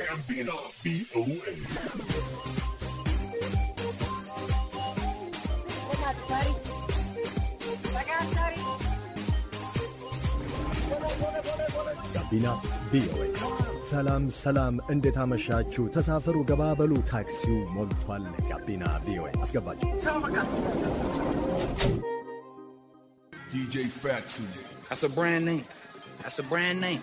ጋቢና ቪኦኤ ጋቢና ቪኦኤ። ሰላም ሰላም፣ እንዴት አመሻችሁ? ተሳፈሩ፣ ገባበሉ፣ ታክሲው ሞልቷል። ጋቢና ቪኦኤ አስገባችሁ። That's a brand name. That's a brand name.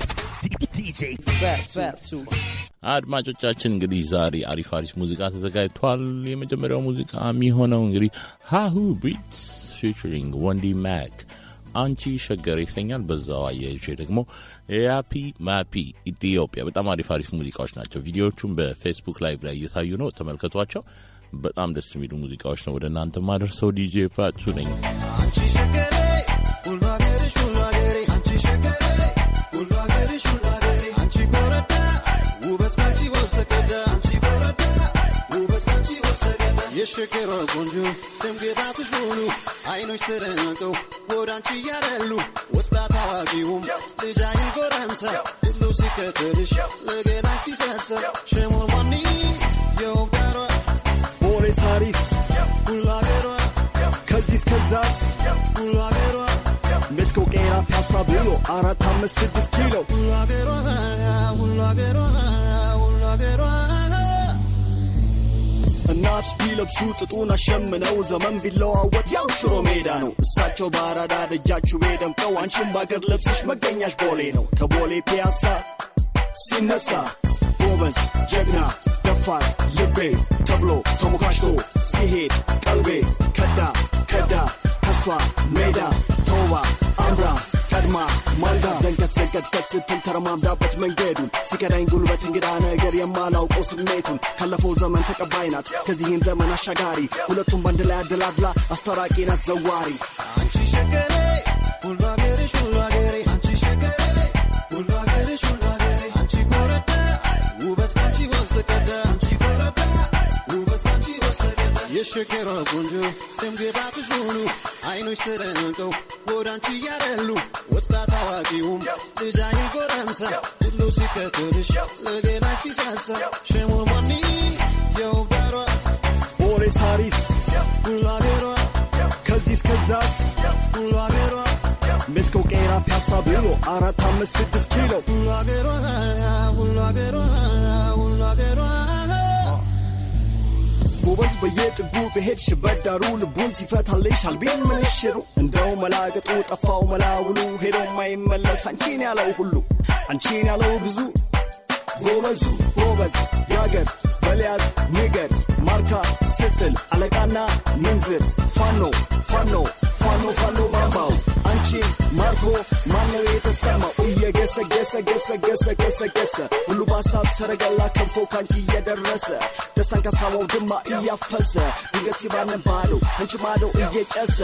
አድማጮቻችን እንግዲህ ዛሬ አሪፍ አሪፍ ሙዚቃ ተዘጋጅቷል። የመጀመሪያው ሙዚቃ የሚሆነው እንግዲህ ሃሁ ቢትስ ፊቸሪንግ ወንዲ ማክ አንቺ ሸገር ይሰኛል። በዛው አያይዤ ደግሞ ያፒ ማፒ ኢትዮጵያ በጣም አሪፍ አሪፍ ሙዚቃዎች ናቸው። ቪዲዮዎቹም በፌስቡክ ላይቭ ላይ እየታዩ ነው፣ ተመልከቷቸው። በጣም ደስ የሚሉ ሙዚቃዎች ነው ወደ እናንተ ማደርሰው። ዲጄ ፓቱ ነኝ። የሸኬራ ቆንጆ ደምጌታትሽ ሙሉ አይኖች ተደናቀው ወዳንቺ እያደሉ ወጣት አዋቂውም ልጃይል ጎረምሳ ሁሉ ሲከተልሽ ለገላይ ሲሳሳ ሸሞርማኒት የወጋሯ ቦሬስ ሃሪስ ሁላገሯ ከዚህ እስከዛ ሁላገሯ ሜስኮ ቄራ ፒያሳ ብሎ አራት አምስት ስድስት ኪሎ ራስ ቢለብሱ ጥጡን አሸምነው ዘመን ቢለዋወጥ ያው ሽሮ ሜዳ ነው። እሳቸው ባራዳ ደጃችሁ ቤ ደምቀው አንቺም በአገር ለብሰሽ መገኛሽ ቦሌ ነው። ከቦሌ ፒያሳ ሲነሳ ጎበዝ ጀግና ደፋር ልቤ ተብሎ ተሞካሽቶ ሲሄድ ቀልቤ ከዳ ከዳ ከሷ ሜዳ ተውባ አምራ ግርማ ማልዳ ዘንቀት ሰንቀጥቀጥ ስትል ተረማምዳበት መንገዱን ሲከዳኝ ጉልበት እንግዳ ነገር የማላውቀው ስሜቱን ካለፈው ዘመን ተቀባይ ናት ከዚህም ዘመን አሻጋሪ ሁለቱም በአንድ ላይ አደላድላ አስታራቂ ናት ዘዋሪ የሸገሯ ቆንጆ ደምግባትሽ ሙሉ አይኖች ተደንቀው ወዳንቺ ያደሉ ወጣት አዋቂውም ልጃይ ጎረምሳ ሁሉ ሲከተልሽ ለገና ሲሳሳ ሸሞማኒ የውዳሯ ቦሌ ሳሪስ ሁሉ አገሯ ከዚህ እስከዛስ ሁሉ አገሯ ሜስኮ ቄራ ፒያሳ ብሎ አራት አምስት ስድስት ኪሎ ሁሉ አገሯ ሁሉ አገሯ ሁሉ አገሯ ጎበዝ በየጥጉ በሄድሽበት ዳሩ ልቡን ሲፈታልሽ አልቤን ምንሽሩ እንደው መላገጡ ጠፋው መላውሉ ሄዶ ማይመለስ አንቺን ያለው ሁሉ አንቺን ያለው ብዙ ጎበዙ ጎበዝ ያገር በልያዝ ንገር ማርካ ስትል አለቃና ምንዝር ፋኖ ፋኖ ፋኖ ፋኖ ባምባው አንቺን ማርኮ ማነው የተሰማው ገሰ ገሰ ገሰ ገሰ ገሰ ገሰ ሁሉ በሀሳብ ሰረገላ ከንፎ ካንቺ እየደረሰ ደስታን ካሳማው ድማ እያፈሰ ድንገት ሲባነን ባለው አንቺ ማለው እየጨሰ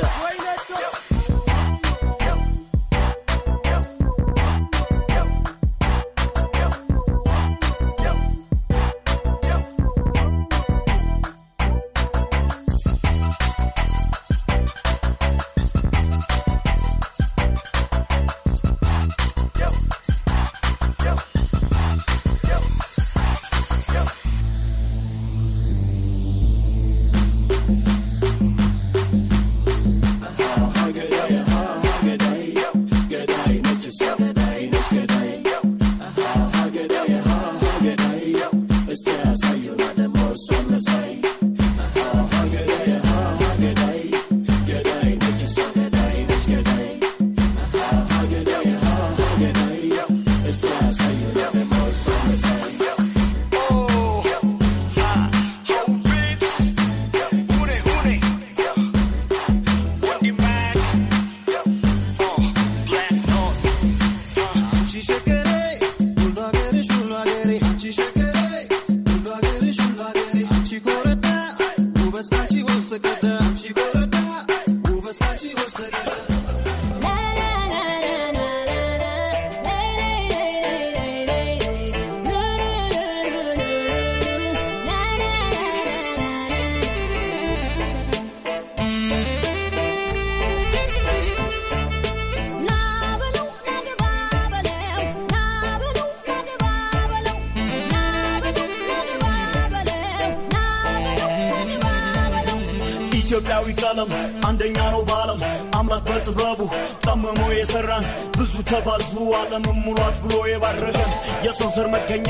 ኢትዮጵያዊ ቀለም አንደኛ ነው በዓለም አምላክ በጥበቡ ጠመሞ የሰራን ብዙ ተባዙ ዓለምን ሙሏት ብሎ የባረገን የሰው ዘር መገኛ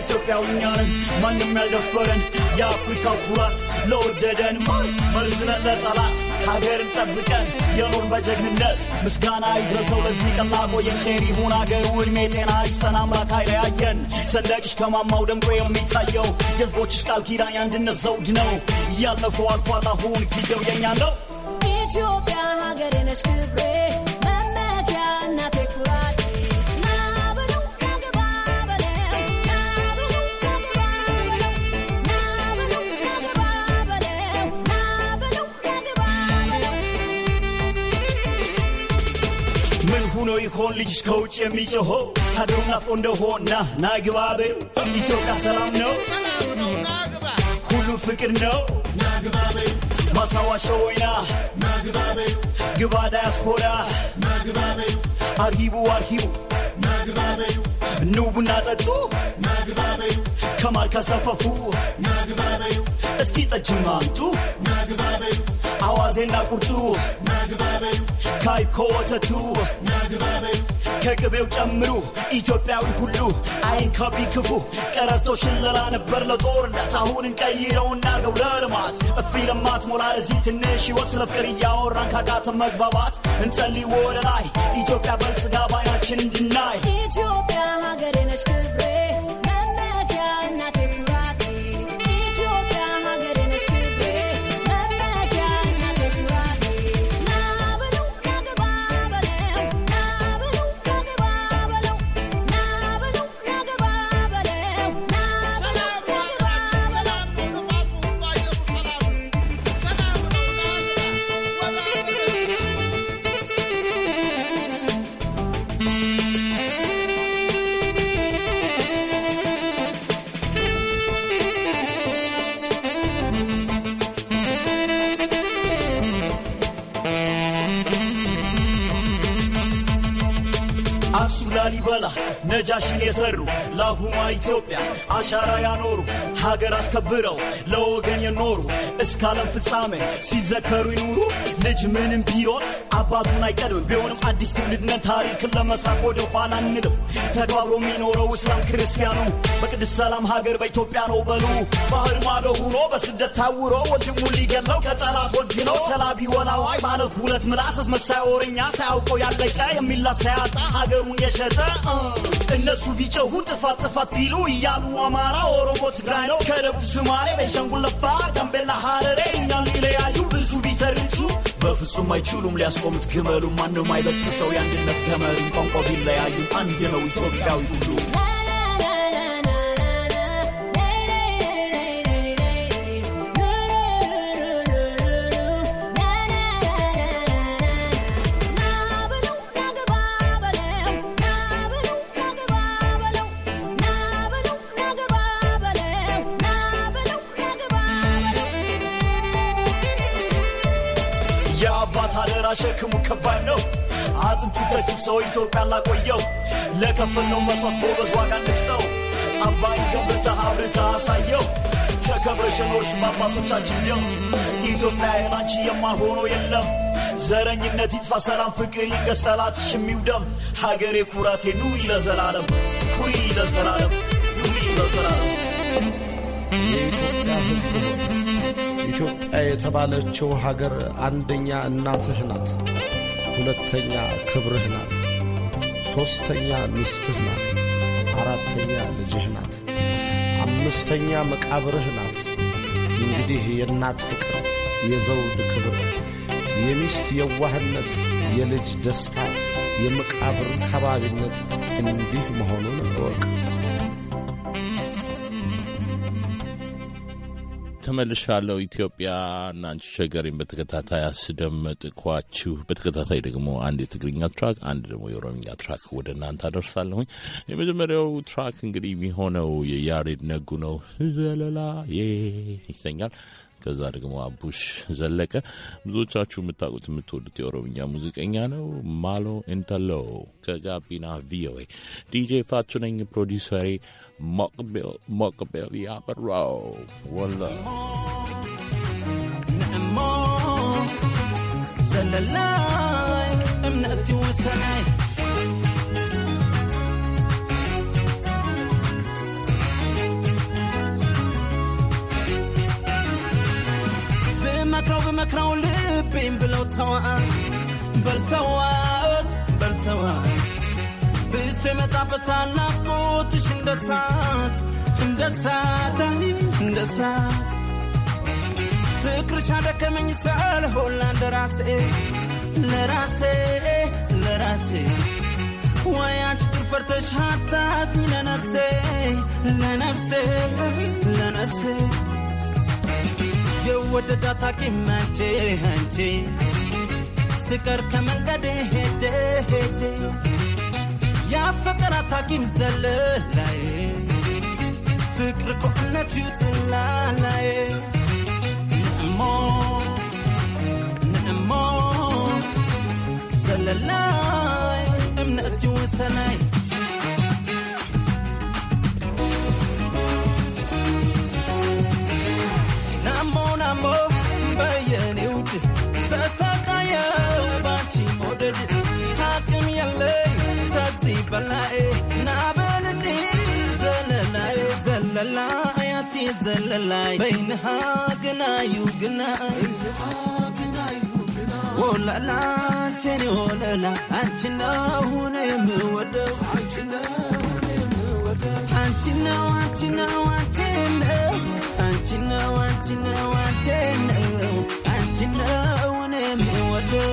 ኢትዮጵያውኛንን ማንም ያልደፈረን የአፍሪካ ኩራት ለወደደን ማን መርዝነን ለጠላት ሀገርን ጠብቀን የኖር በጀግንነት ምስጋና ይድረሰው ለዚህ ቀላቆ የኼር ይሁን አገሩ ዕድሜ ጤና ይስጠን አምላክ አይለያየን። ሰንደቅሽ ከማማው ደምቆ የሚታየው የህዝቦችሽ ቃል ኪዳን የአንድነት ዘውድ ነው። እያለፈው አልፏል፣ አሁን ጊዜው የኛ ነው። ኢትዮጵያ ሀገሬ ነሽ ክብሬ ሁኖ ይሆን ልጅሽ ከውጭ የሚጮሆ ታዲያ ናፍቆ ሆና ናግባ ኢትዮጵያ ሰላም ነው ሁሉም ፍቅር ነው ናግባ ወይና ግባ ዳያስፖራ ናግባ አርሂቡ አርሂቡ ናግባ ኑ ቡና ጠጡ ናግባ ከማር ከሰፈፉ እስኪ ጠጅማ አምጡ አዋዜና ቁርጡ ካይኮ ወተቱ ከቅቤው ጨምሩ ኢትዮጵያዊ ሁሉ አይን ከቢ ክፉ ቀረርቶ ሽለላ ነበር ለጦርነት አሁን እንቀይረው እናገው ለልማት እፊ ለማት ሞላ ለዚህ ትንሽ ሕይወት ስለ ፍቅር እያወራን ካቃተን መግባባት እንጸልይ ወደ ላይ ኢትዮጵያ በልጽጋ ባይናችን እንድናይ ኢትዮጵያ ሀገሬ ነሽ ክብሬ ነጃሽን የሰሩ ለአሁኗ ኢትዮጵያ አሻራ ያኖሩ ሀገር አስከብረው ለወገን የኖሩ እስከ ዓለም ፍጻሜ ሲዘከሩ ይኑሩ። ልጅ ምንም ቢሮጥ አባቱን አይቀድምም። ቢሆንም አዲስ ትውልድነት ታሪክን ለመስራት ወደ ኋላ አንልም። ተከባብሮ የሚኖረው እስላም ክርስቲያኑ በቅድስት ሰላም ሀገር በኢትዮጵያ ነው በሉ ባህር ማዶ ሁኖ በስደት ታውሮ ወንድሙ ሊገለው ከጠላት ወግነው ሰላቢ ወላዋይ ባለ ሁለት ምላስ አስመሳይ ወሬኛ ሳያውቀው ያለቀ የሚላ ሳያጣ ሀገሩን የሸጠ እነሱ ቢጨሁ ጥፋት ጥፋት ቢሉ እያሉ አማራ፣ ኦሮሞ፣ ትግራይ ነው ከደቡብ ሶማሌ፣ ቤንሻንጉል አፋ፣ ጋምቤላ፣ ሀረሬ እኛን ሊለያዩ ብዙ ቢተርንሱ በፍጹም አይችሉም ሊያስቆሙት ግመሉ። ማንም አይበጥሰው የአንድነት ገመሪ ቋንቋ ቢለያዩ አንድ ነው ኢትዮጵያዊ ሁሉ አደራ ሸክሙ ከባድ ነው። ከስንቱ ከሲሶ ኢትዮጵያን ላቆየው ለከፈልነው መስዋዕት ጎበዝ ዋጋ እንስጠው። አባይ ገብተህ አብርተህ አሳየው። ተከብረሽ ኖርሽ በአባቶቻችን ደም። ኢትዮጵያ የላንቺ የማልሆነው የለም። ዘረኝነት ይጥፋ፣ ሰላም ፍቅር ይንገስ፣ ጠላትሽ የሚውደም። ሀገሬ ኩራቴ፣ ኑ ለዘላለም፣ ኩሪ ለዘላለም፣ ኑሪ ለዘላለም። ኢትዮጵያ የተባለችው ሀገር አንደኛ እናትህ ናት። ሁለተኛ ክብርህ ናት። ሦስተኛ ሚስትህ ናት። አራተኛ ልጅህ ናት። አምስተኛ መቃብርህ ናት። እንግዲህ የእናት ፍቅር፣ የዘውድ ክብር፣ የሚስት የዋህነት፣ የልጅ ደስታ፣ የመቃብር ከባቢነት እንዲህ መሆኑን እወቅ። ተመልሻለሁ። ኢትዮጵያ እና አንቺ ሸገሬን በተከታታይ አስደመጥኳችሁ። በተከታታይ ደግሞ አንድ የትግርኛ ትራክ፣ አንድ ደግሞ የኦሮምኛ ትራክ ወደ እናንተ አደርሳለሁኝ። የመጀመሪያው ትራክ እንግዲህ የሚሆነው የያሬድ ነጉ ነው። ዘለላ ይሰኛል። ከዛ ደግሞ አቡሽ ዘለቀ ብዙዎቻችሁ የምታውቁት የምትወዱት የኦሮምኛ ሙዚቀኛ ነው። ማሎ ኢንተሎ ከጋቢና ቪኦኤ ዲጄ ፋቱ ነኝ። ፕሮዲሰሪ ሞቅቤል ያበራው ወላ ዘለላይ እምነት ወሰናይ መክረው ብመክረው ልቤም ብለው ተዋት በልተዋት በልተዋት ብስ የመጣበት ናፍቆትሽ እንደ ሳት እንደ ሳት እንደ ሳት ፍቅርሽ አደከመኝ ሳልሆን ለራሴ ለራሴ ለራሴ ወይ ትርፈርተሽ ሀታስ ለነፍሴ ለነፍሴ ለነፍሴ የወደዳት ሐኪም አንቺ አንቺ ስቀር ከመንገዴ ሄጄ ሄጄ ያፈቀራት ሐኪም ዘለላይ ፍቅር ንእሞ ንእሞ ዘለላይ ልውደድ አቅም የለኝ ከዚህ በላይ ናበልኒ ዘለላይ ዘለላ አያቲ ዘለላይ በይንሃ ግናዩ ግናይ ወላላ አንቺን ወለላ አንቺና ሁነ የምወደው አንቺና አንቺና አንቺና አንቺና አንቺና አንቺና አንቺና ሁነ የምወደው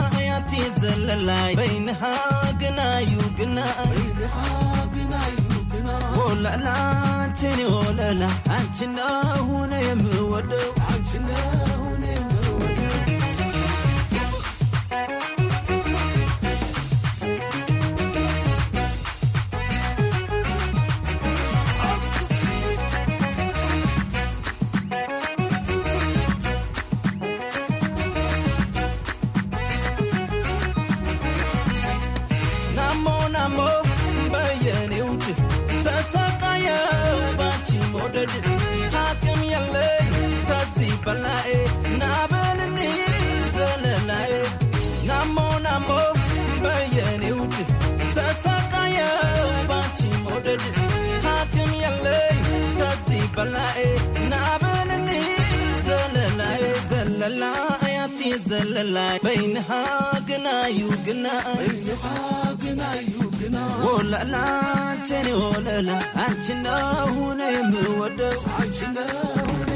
ዘለላይ በይንሃ ግናዩ ግናይ ወላላ አንቺን ወለላ የምወደው ልውለድ አቅም ያለ ከዚህ በላይ ናበልኒ ዘለላዬ ናሞ ናሞ በየኔ ውድ ተሳቃየ ባንቺ መውደድ አቅም ያለ ከዚህ በላይ ናበልኒ ዘለላዬ ዘለላ አያቲ ዘለላይ በይንሃ ግናዩ ግና በይንሃ ግናዩ ወላላ አንቺን ወለላ አንቺን ነው የምወደው አንቺን ነው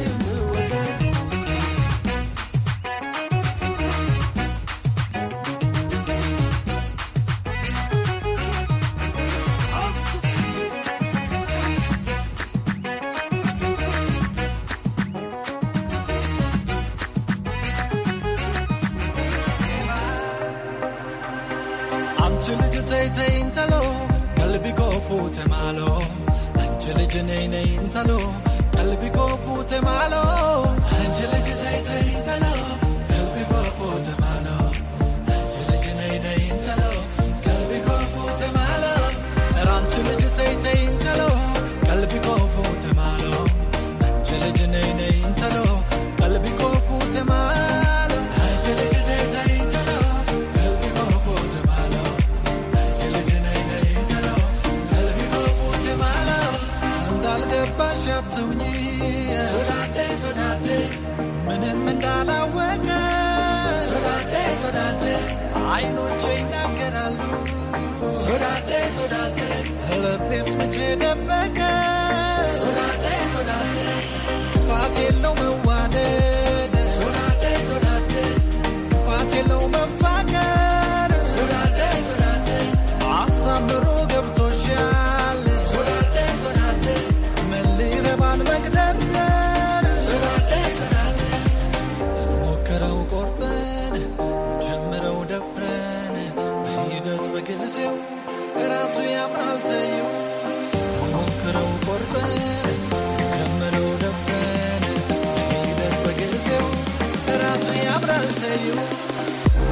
ተማሎ አንቺ ልጅ ነይ ነይ እንተሎ ቀልቢ ኮፉ ተማሎ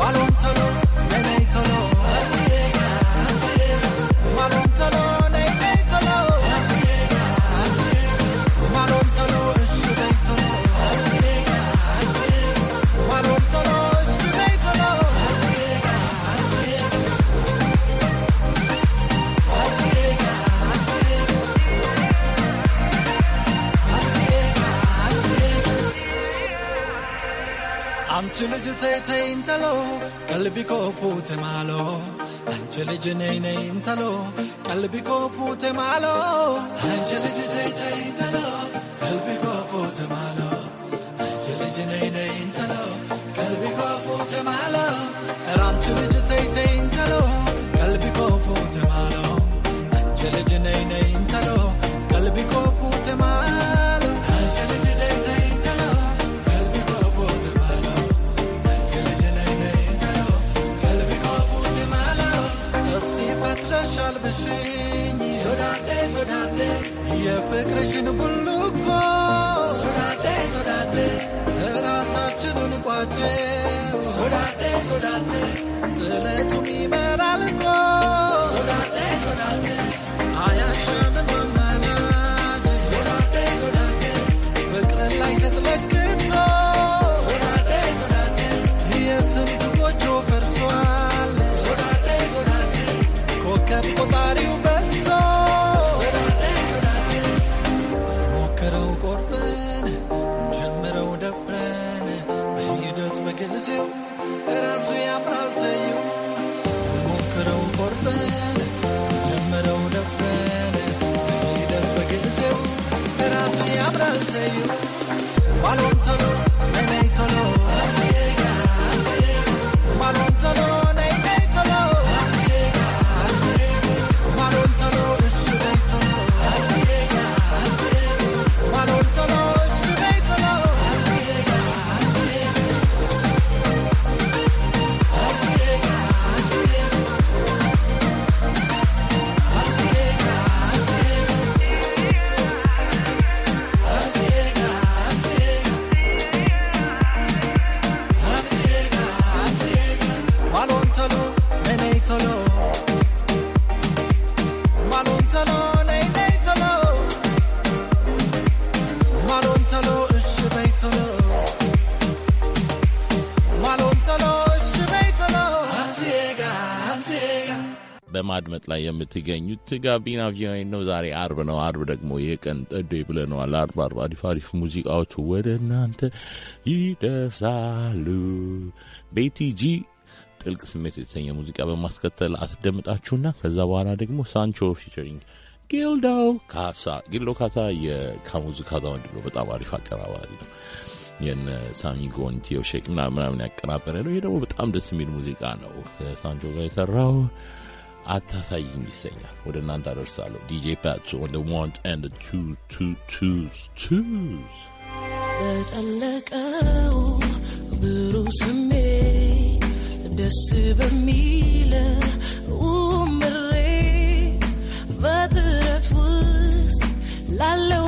Balón Qalbi koo fuute maaloo anjeliji neeneen taloo. Qalbi koo malo, maaloo anjeliji teetee Herança e abraço. በማድመጥ ላይ የምትገኙት ጋቢና ቪኦኤ ነው። ዛሬ አርብ ነው። አርብ ደግሞ የቀን ጠዴ ብለነዋል። አርብ አርብ አሪፍ አሪፍ ሙዚቃዎቹ ወደ እናንተ ይደርሳሉ። ቤቲጂ ጥልቅ ስሜት የተሰኘ ሙዚቃ በማስከተል አስደምጣችሁና ከዛ በኋላ ደግሞ ሳንቾ ፊቸሪንግ ጊልዶ ካሳ ጊልዶ ካሳ የካሙዙ ካዛ ነው። በጣም አሪፍ አቀራባሪ ነው። የነ ሳሚ ጎንቲዮ ሼክ ምናምን ያቀናበረ ነው። ይሄ ደግሞ በጣም ደስ የሚል ሙዚቃ ነው ከሳንጆ ጋር የሰራው አታሳይኝ ይሰኛል። ወደ እናንተ አደርሳለሁ። ዲጄ ፓቾ ወደ ዋንት ኤንድ ቱ ቱ ቱዝ ቱዝ በጠለቀው ብሩህ ስሜ ደስ በሚለ ውምሬ በትረት ውስጥ ላለው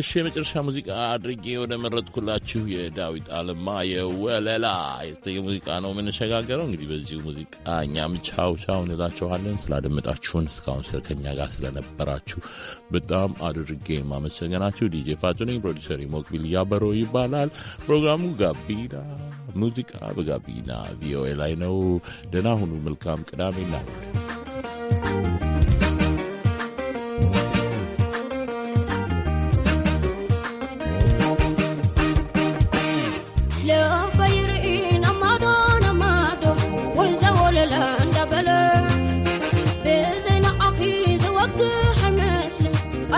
እሺ የመጨረሻ ሙዚቃ አድርጌ ወደ መረጥኩላችሁ የዳዊት አለማ የወለላ የተሰኘ ሙዚቃ ነው የምንሸጋገረው። እንግዲህ በዚሁ ሙዚቃ እኛም ቻው ቻው እንላችኋለን። ስላደመጣችሁን፣ እስካሁን ከኛ ጋር ስለነበራችሁ በጣም አድርጌ ማመሰገናችሁ። ዲጄ ፋቱኒ ፕሮዲሰር ሞክቢል ያበሮ ይባላል። ፕሮግራሙ ጋቢና ሙዚቃ በጋቢና ቪኦኤ ላይ ነው። ደህና ሁኑ። መልካም ቅዳሜ እና